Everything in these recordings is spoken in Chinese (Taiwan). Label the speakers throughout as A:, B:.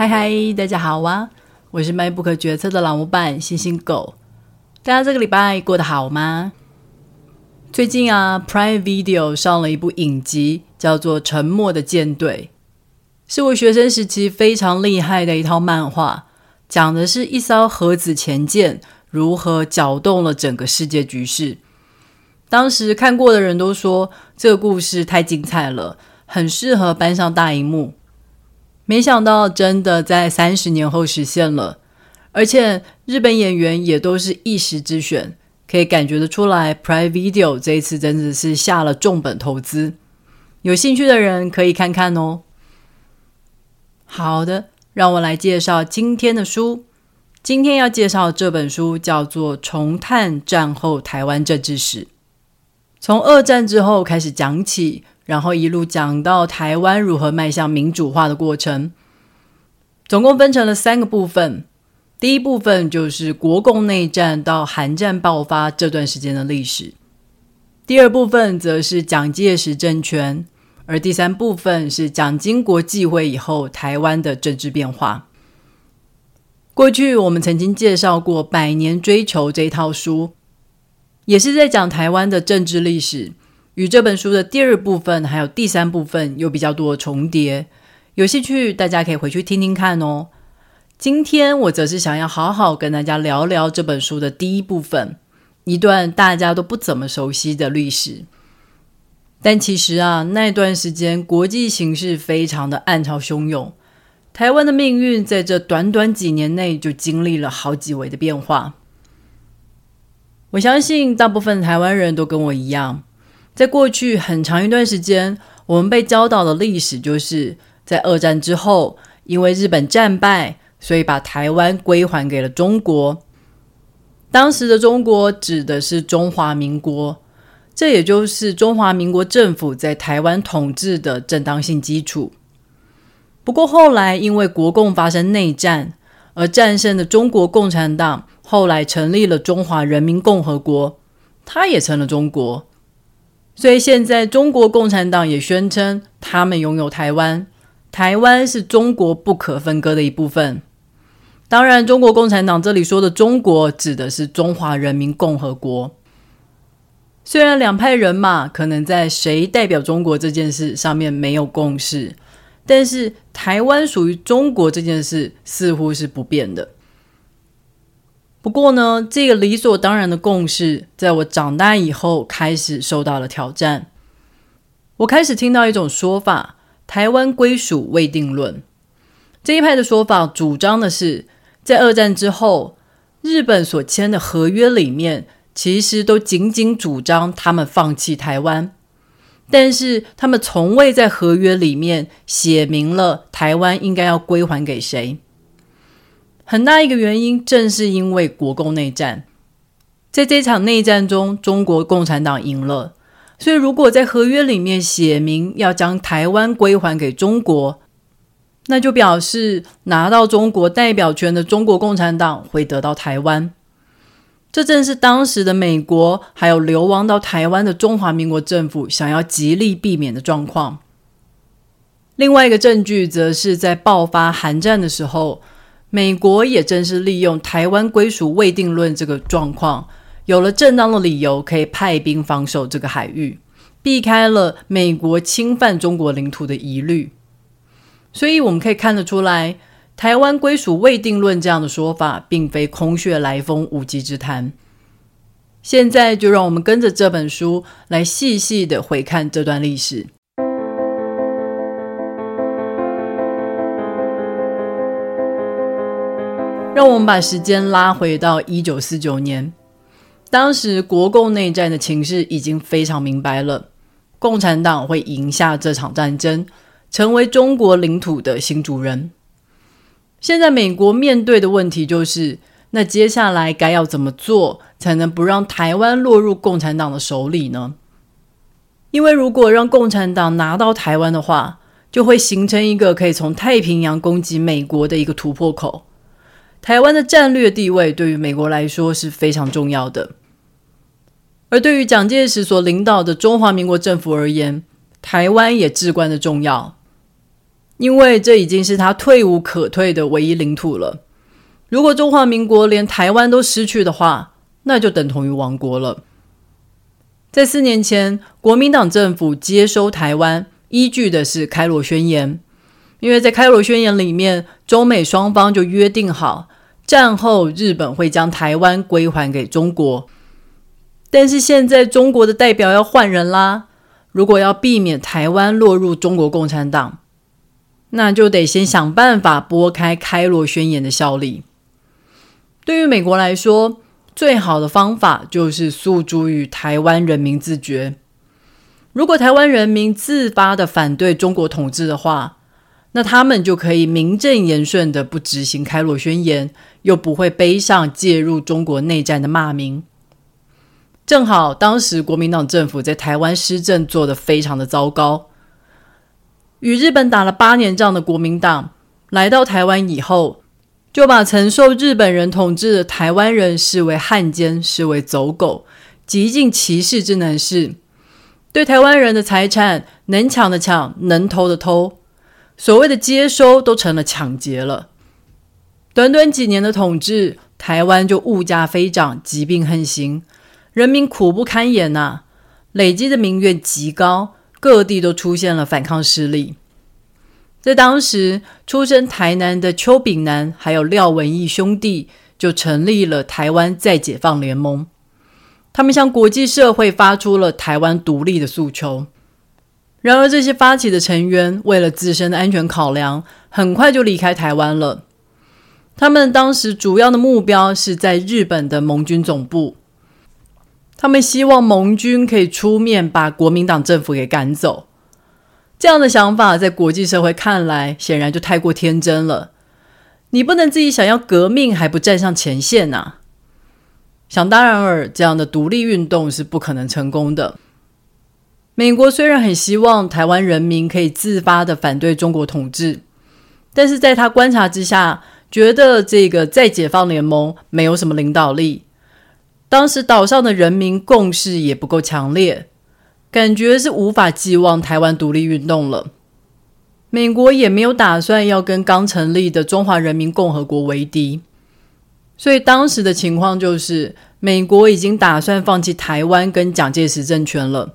A: 嗨嗨，hi hi, 大家好啊！我是賣不可決策的老闆星星狗。大家這個禮拜過得好嗎？最近啊，Prime Video 上了一部影集，叫做《沉默的艦隊》，是我學生時期非常厲害的一套漫畫，講的是一艘核子潛艦如何攪動了整個世界局勢。當時看過的人都說，這個故事太精彩了，很適合搬上大熒幕。沒想到，真的在三十年後實現了，而且日本演員也都是一時之選，可以感覺得出來。Prime Video 這一次真的是下了重本投資，有興趣的人可以看看哦。好的，讓我來介紹今天的書。今天要介紹這本書叫做《重探戰後台灣政治史》，從二戰之後開始講起。然後一路講到台灣如何邁向民主化的過程，總共分成了三個部分。第一部分就是國共內戰到韓戰爆發這段時間的歷史，第二部分則是蔣介石政權，而第三部分是蔣經國繼位以後台灣的政治變化。過去我們曾經介紹過《百年追求》這一套書，也是在講台灣的政治歷史。與這本書的第二部分還有第三部分有比較多重疊，有興趣大家可以回去聽聽看哦。今天我則是想要好好跟大家聊聊這本書的第一部分，一段大家都不怎麼熟悉的歷史。但其實啊，那一段時間國際形勢非常的暗潮洶湧，台灣的命運在這短短幾年內就經歷了好幾回的變化。我相信大部分台灣人都跟我一樣。在過去很長一段時間，我們被教導的歷史就是在二戰之後，因為日本戰敗，所以把台灣歸還給了中國。當時的中國指的是中華民國，這也就是中華民國政府在台灣統治的正當性基礎。不過後來，因為國共發生內戰而戰勝的中國共產黨，後來成立了中華人民共和國，它也成了中國。所以現在，中國共產黨也宣稱他們擁有台灣，台灣是中國不可分割的一部分。當然，中國共產黨這裡說的“中國”指的是中華人民共和國。雖然兩派人馬可能在誰代表中國這件事上面沒有共識，但是台灣屬於中國這件事似乎是不變的。不過呢，這個理所當然的共識，在我長大以後開始受到了挑戰。我開始聽到一種說法：台灣歸屬未定論。這一派的說法主張的是，在二戰之後，日本所簽的和約裡面，其實都僅僅主張他們放棄台灣，但是他們從未在和約裡面寫明了台灣應該要歸還給誰。很大一個原因，正是因為國共內戰，在這場內戰中，中國共產黨贏了。所以，如果在合約裡面寫明要將台灣歸還給中國，那就表示拿到中國代表權的中國共產黨會得到台灣。這正是當時的美國還有流亡到台灣的中華民國政府想要極力避免的狀況。另外一個證據，則是在爆發韓戰的時候。美國也正是利用台灣歸屬未定論這個狀況，有了正當的理由，可以派兵防守這個海域，避開了美國侵犯中國領土的疑慮。所以我們可以看得出來，台灣歸屬未定論這樣的說法，並非空穴來風、無稽之談。現在就讓我們跟着這本書來細細的回看這段歷史。讓我們把時間拉回到一九四九年，當時國共內戰的情勢已經非常明白了，共產黨會贏下這場戰爭，成為中國領土的新主人。現在美國面對的問題就是，那接下來該要怎麼做才能不讓臺灣落入共產黨的手裡呢？因為如果讓共產黨拿到臺灣的話，就會形成一個可以從太平洋攻擊美國的一個突破口。台灣的戰略地位對於美國來說是非常重要的，而對於蔣介石所領導的中華民國政府而言，台灣也至關的重要，因為這已經是他退無可退的唯一領土了。如果中華民國連台灣都失去的話，那就等同於亡國了。在四年前，國民黨政府接收台灣依據的是《開羅宣言》，因為在《開羅宣言》裡面，中美雙方就約定好。戰後日本會將台灣歸還給中國，但是現在中國的代表要換人啦。如果要避免台灣落入中國共產黨，那就得先想辦法撥開《開羅宣言》的效力。對於美國來說，最好的方法就是訴諸於台灣人民自決。如果台灣人民自發地反對中國統治的話，那他們就可以名正言順地不執行《開羅宣言》。又不會背上介入中國內戰的罵名。正好當時國民黨政府在台灣施政做得非常的糟糕，與日本打了八年仗的國民黨來到台灣以後，就把曾受日本人統治的台灣人視為漢奸，視為走狗，極盡歧視之能事。對台灣人的財產，能搶的搶，能偷的偷，所謂的接收都成了搶劫了。短短幾年的統治，台灣就物價飛漲，疾病橫行，人民苦不堪言吶、啊。累積的民怨極高，各地都出現了反抗勢力。在當時，出生台南的邱炳南還有廖文毅兄弟就成立了台灣再解放聯盟，他們向國際社會發出了台灣獨立的訴求。然而，這些發起的成員為了自身的安全考量，很快就離開台灣了。他們當時主要的目標是在日本的盟軍總部。他們希望盟軍可以出面把國民黨政府給趕走。這樣的想法在國際社會看來，顯然就太過天真了。你不能自己想要革命還不站上前線吶、啊？想當然耳，這樣的獨立運動是不可能成功的。美國雖然很希望台灣人民可以自發地反對中國統治，但是在他觀察之下，覺得這個再解放聯盟沒有什麼領導力，當時島上的人民共識也不夠強烈，感覺是無法寄望台灣獨立運動了。美國也沒有打算要跟剛成立的中華人民共和國為敵，所以當時的情況就是，美國已經打算放棄台灣跟蔣介石政權了，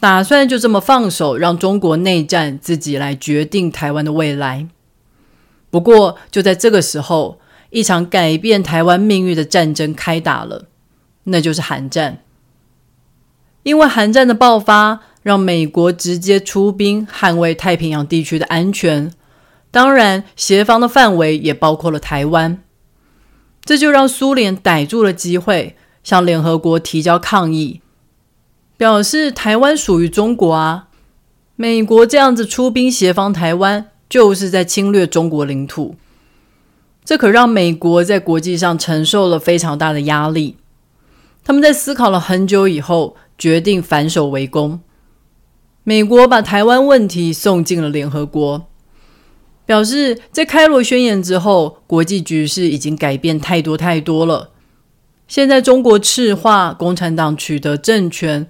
A: 打算就這麼放手，讓中國內戰自己來決定台灣的未來。不過，就在這個時候，一場改變台灣命運的戰爭開打了，那就是韓戰。因為韓戰的爆發，讓美國直接出兵捍衛太平洋地區的安全，當然，協防的範圍也包括了台灣。這就讓蘇聯逮住了機會，向聯合國提交抗議，表示台灣屬於中國啊，美國這樣子出兵協防台灣。就是在侵略中國領土，這可讓美國在國際上承受了非常大的壓力。他們在思考了很久以後，決定反守為攻。美國把台灣問題送進了聯合國，表示在開羅宣言之後，國際局勢已經改變太多太多了。現在中國赤化，共產黨取得政權。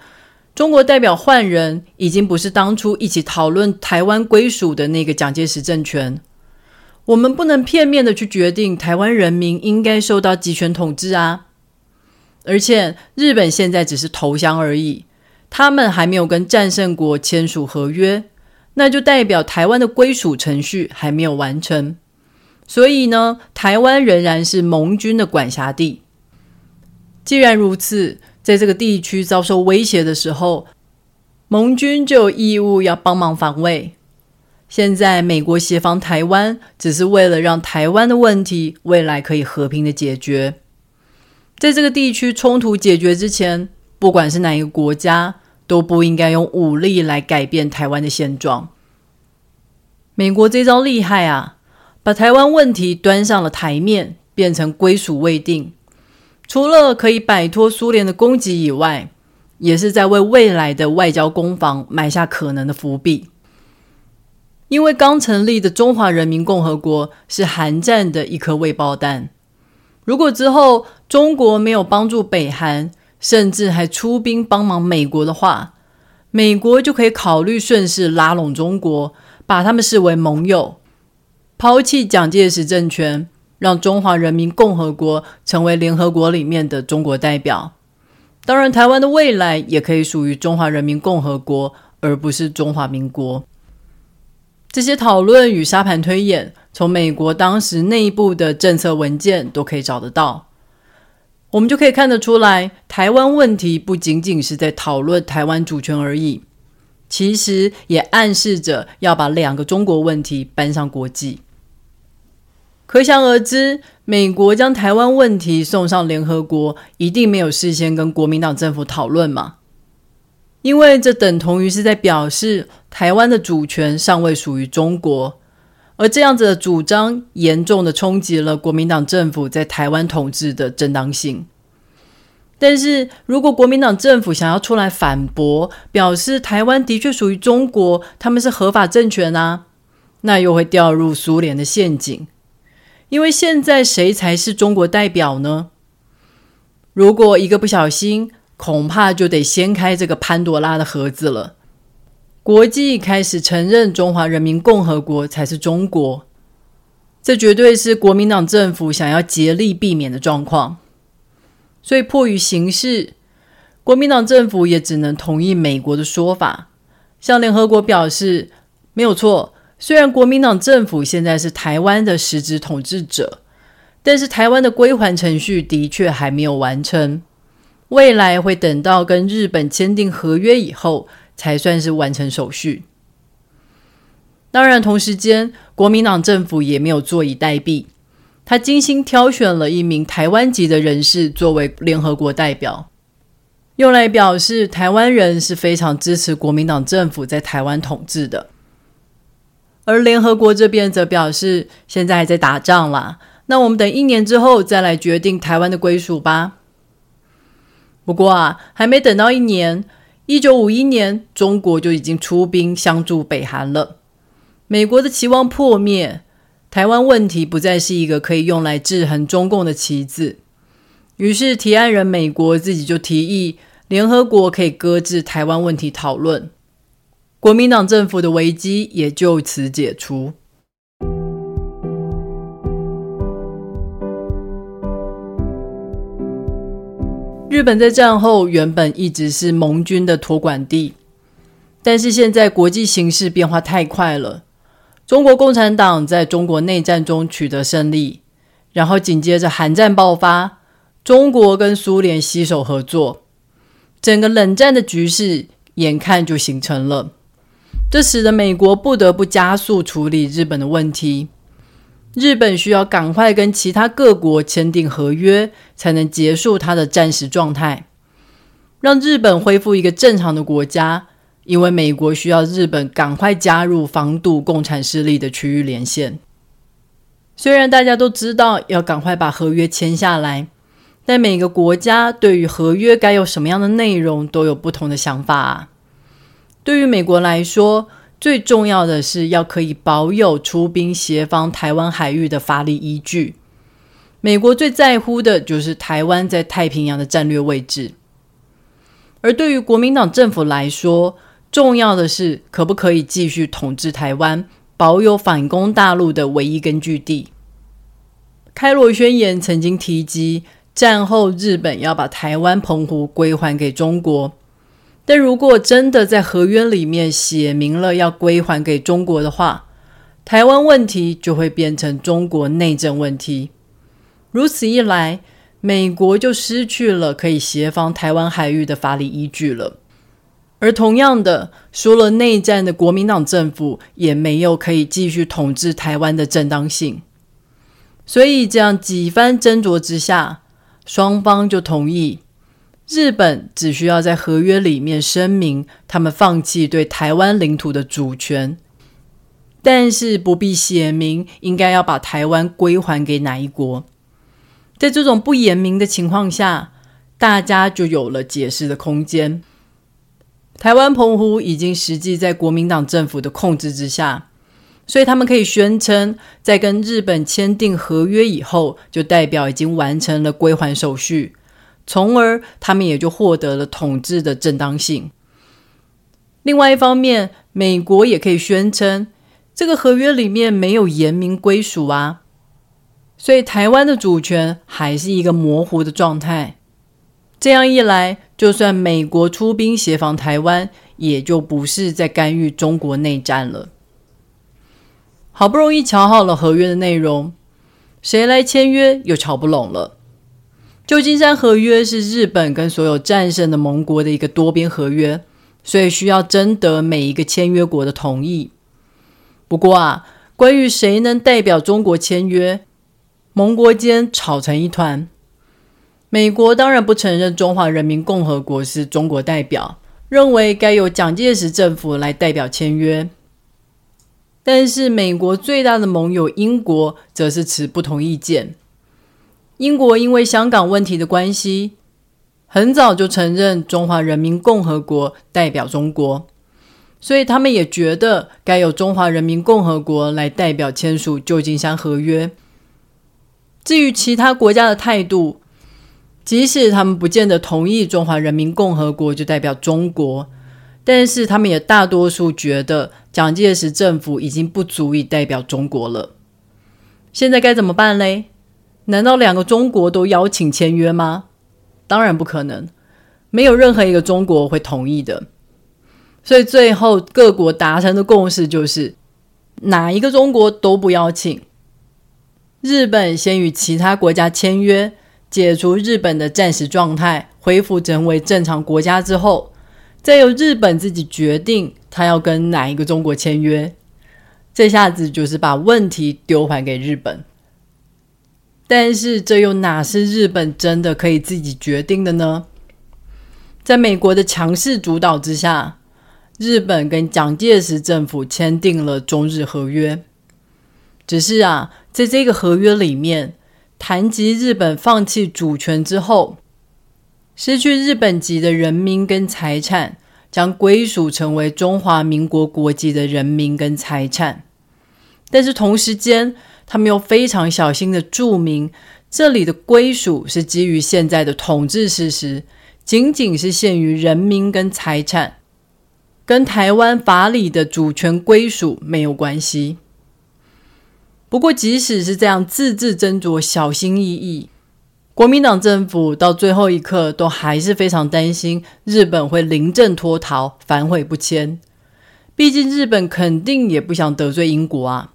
A: 中國代表換人，已經不是當初一起討論台灣歸屬的那個蔣介石政權。我們不能片面的去決定台灣人民應該受到集權統治啊！而且日本現在只是投降而已，他們還沒有跟戰勝國簽署和約，那就代表台灣的歸屬程序還沒有完成。所以呢，台灣仍然是盟軍的管轄地。既然如此，在這個地區遭受威脅的時候，盟軍就有義務要幫忙防衛。現在美國協防台灣，只是為了讓台灣的問題未來可以和平的解決。在這個地區衝突解決之前，不管是哪一個國家，都不應該用武力來改變台灣的現狀。美國這招厲害啊，把台灣問題端上了台面，變成歸屬未定。除了可以擺脫蘇聯的攻擊以外，也是在為未來的外交攻防埋下可能的伏筆。因為剛成立的中華人民共和國是韓戰的一顆未爆彈。如果之後中國沒有幫助北韓，甚至還出兵幫忙美國的話，美國就可以考慮順勢拉攏中國，把他們視為盟友，拋棄蔣介石政權。讓中華人民共和國成為聯合國裡面的中國代表，當然，台灣的未來也可以屬於中華人民共和國，而不是中華民國。這些討論與沙盤推演，從美國當時內部的政策文件都可以找得到，我們就可以看得出來，台灣問題不僅僅是在討論台灣主權而已，其實也暗示着要把兩個中國問題搬上國際。可想而知，美國將台灣問題送上聯合國，一定沒有事先跟國民黨政府討論嘛。因為這等同於是在表示台灣的主權尚未屬於中國，而這樣子的主張嚴重地衝擊了國民黨政府在台灣統治的正當性。但是如果國民黨政府想要出來反駁，表示台灣的確屬於中國，他們是合法政權啊，那又會掉入蘇聯的陷阱。因為現在誰才是中國代表呢？如果一個不小心，恐怕就得掀開這個潘多拉的盒子了。國際開始承認中華人民共和國才是中國，這絕對是國民黨政府想要竭力避免的狀況。所以迫於形勢，國民黨政府也只能同意美國的說法，向聯合國表示沒有錯。雖然國民黨政府現在是台灣的實質統治者，但是台灣的歸還程序的確還沒有完成，未來會等到跟日本簽訂合約以後才算是完成手續。當然，同時間國民黨政府也沒有坐以待斃，他精心挑選了一名台灣籍的人士作為聯合國代表，用來表示台灣人是非常支持國民黨政府在台灣統治的。而聯合國這邊則表示，現在還在打仗啦。那我們等一年之後再來決定台灣的歸屬吧。不過啊，還沒等到一年，一九五一年中國就已經出兵相助北韓了。美國的期望破滅，台灣問題不再是一個可以用來制衡中共的棋子。於是提案人美國自己就提議，聯合國可以擱置台灣問題討論。國民黨政府的危機也就此解除。日本在戰後原本一直是盟軍的托管地，但是現在國際形勢變化太快了，中國共產黨在中國內戰中取得勝利，然後緊接着韓戰爆發，中國跟蘇聯攜手合作，整個冷戰的局勢眼看就形成了。這使得美國不得不加速處理日本的問題。日本需要趕快跟其他各國簽訂合約，才能結束它的戰時狀態，讓日本恢復一個正常的國家。因為美國需要日本趕快加入防堵共產勢力的區域連線。雖然大家都知道要趕快把合約簽下來，但每個國家對於合約該有什麼樣的內容都有不同的想法啊。對於美國來說，最重要的是要可以保有出兵協防台灣海域的法理依據。美國最在乎的就是台灣在太平洋的戰略位置。而對於國民黨政府來說，重要的是可不可以繼續統治台灣，保有反攻大陸的唯一根據地。開羅宣言曾經提及，戰後日本要把台灣、澎湖歸還給中國。但如果真的在和約裡面寫明了要歸還給中國的話，台灣問題就會變成中國內政問題。如此一來，美國就失去了可以協防台灣海域的法理依據了。而同樣的，輸了內戰的國民黨政府也沒有可以繼續統治台灣的正當性。所以，這樣幾番斟酌之下，雙方就同意。日本只需要在合約裡面聲明他們放棄對臺灣領土的主權，但是不必寫明應該要把臺灣歸還給哪一國。在這種不言明的情況下，大家就有了解釋的空間。臺灣澎湖已經實際在國民黨政府的控制之下，所以他們可以宣稱在跟日本簽訂合約以後，就代表已經完成了歸還手續。從而，他們也就獲得了統治的正當性。另外一方面，美國也可以宣稱這個合約裡面沒有言明歸屬啊，所以台灣的主權還是一個模糊的狀態。這樣一來，就算美國出兵協防台灣，也就不是在干預中國內戰了。好不容易喬好了合約的內容，誰來簽約又喬不攏了。舊金山合約是日本跟所有戰勝的盟國的一個多邊合約，所以需要徵得每一個簽約國的同意。不過啊，關於誰能代表中國簽約，盟國間吵成一團。美國當然不承認中華人民共和國是中國代表，認為該由蔣介石政府來代表簽約。但是美國最大的盟友英國則是持不同意見。英國因為香港問題的關係，很早就承認中華人民共和國代表中國，所以他們也覺得該由中華人民共和國來代表簽署《舊金山合約》。至於其他國家的態度，即使他們不見得同意中華人民共和國就代表中國，但是他們也大多數覺得蔣介石政府已經不足以代表中國了。現在該怎麼辦嘞？難道兩個中國都邀請簽約嗎？當然不可能，沒有任何一個中國會同意的。所以最後各國達成的共識就是，哪一個中國都不邀請。日本先與其他國家簽約，解除日本的戰時狀態，恢復成為正常國家之後，再由日本自己決定他要跟哪一個中國簽約。這下子就是把問題丟還給日本。但是，這又哪是日本真的可以自己決定的呢？在美國的強勢主導之下，日本跟蔣介石政府簽訂了中日合約。只是啊，在這個合約裡面，談及日本放棄主權之後，失去日本籍的人民跟財產將歸屬成為中華民國國籍的人民跟財產。但是同時間，他們又非常小心地注明，這裡的歸屬是基於現在的統治事實，僅僅是限於人民跟財產，跟台灣法理的主權歸屬沒有關係。不過，即使是這樣，字字斟酌、小心翼翼，國民黨政府到最後一刻都還是非常擔心日本會臨陣脫逃、反悔不簽。畢竟，日本肯定也不想得罪英國啊。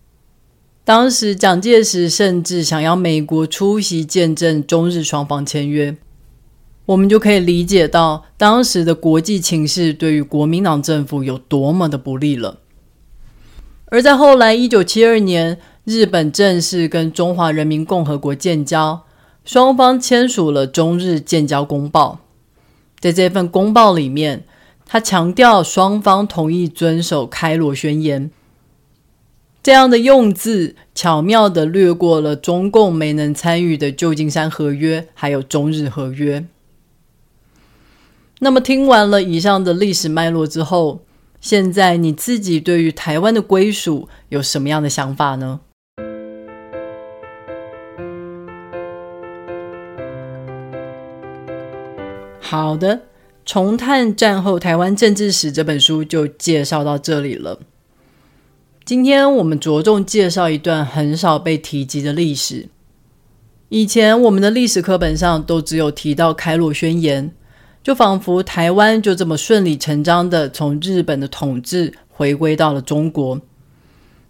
A: 當時蔣介石甚至想要美國出席見證中日雙方簽約，我們就可以理解到當時的國際情勢對於國民黨政府有多麼的不利了。而在後來，一九七二年，日本正式跟中華人民共和國建交，雙方簽署了中日建交公報。在這份公報裡面，他強調雙方同意遵守《開羅宣言》。這樣的用字巧妙地掠過了中共沒能參與的舊金山合約，還有中日合約。那麼，聽完了以上的歷史脈絡之後，現在你自己對於台灣的歸屬有什麼樣的想法呢？好的，《重探戰後台灣政治史》這本書就介紹到這裡了。今天我們着重介紹一段很少被提及的歷史。以前我們的歷史課本上都只有提到《開羅宣言》，就仿佛台灣就這麼順理成章的從日本的統治回歸到了中國，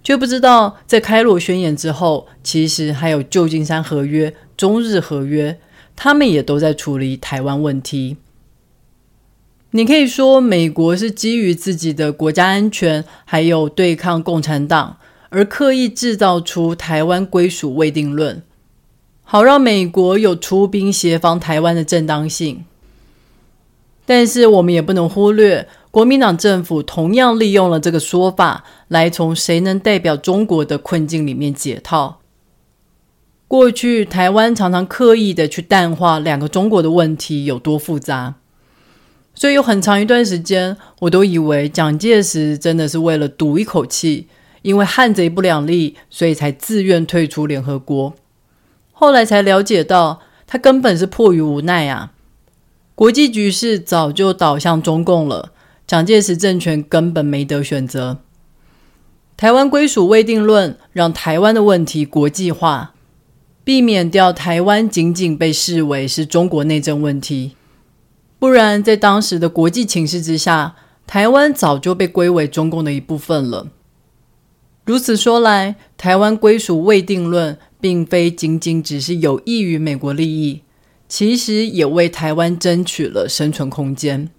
A: 卻不知道在《開羅宣言》之後，其實還有《舊金山合約》、《中日合約》，他們也都在處理台灣問題。你可以說，美國是基於自己的國家安全，還有對抗共產黨，而刻意制造出台灣歸屬未定論，好讓美國有出兵協防台灣的正當性。但是，我們也不能忽略，國民黨政府同樣利用了這個說法，來從誰能代表中國的困境裡面解套。過去，台灣常常刻意的去淡化兩個中國的問題有多複雜。所以有很長一段時間，我都以為蔣介石真的是為了賭一口氣，因為漢賊不兩立，所以才自願退出聯合國。後來才了解到，他根本是迫於無奈啊！國際局勢早就倒向中共了，蔣介石政權根本沒得選擇。台灣歸屬未定論，讓台灣的問題國際化，避免掉台灣僅僅被視為是中國內政問題。不然，在當時的國際情勢之下，台灣早就被歸為中共的一部分了。如此說來，台灣歸屬未定論，並非僅僅只是有益於美國利益，其實也為台灣爭取了生存空間。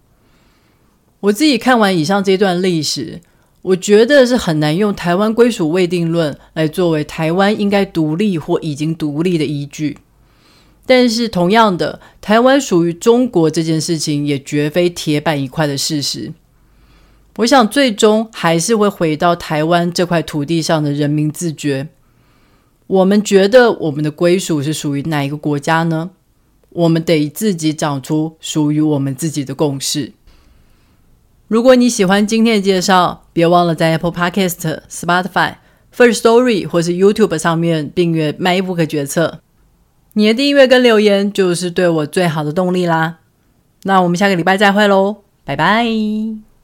A: 我自己看完以上這段歷史，我覺得是很難用台灣歸屬未定論來作為台灣應該獨立或已經獨立的依據。但是，同樣的，台灣屬於中國這件事情也絕非鐵板一塊的事實。我想，最終還是會回到台灣這塊土地上的人民自覺。我們覺得我們的歸屬是屬於哪一個國家呢？我們得自己長出屬於我們自己的共識。如果你喜歡今天的介紹，別忘了在 Apple Podcast、Spotify、First Story 或是 YouTube 上面訂閱《MyBook 決策》。你的訂閱跟留言就是對我最好的動力啦。那我們下個禮拜再會嘍，拜拜。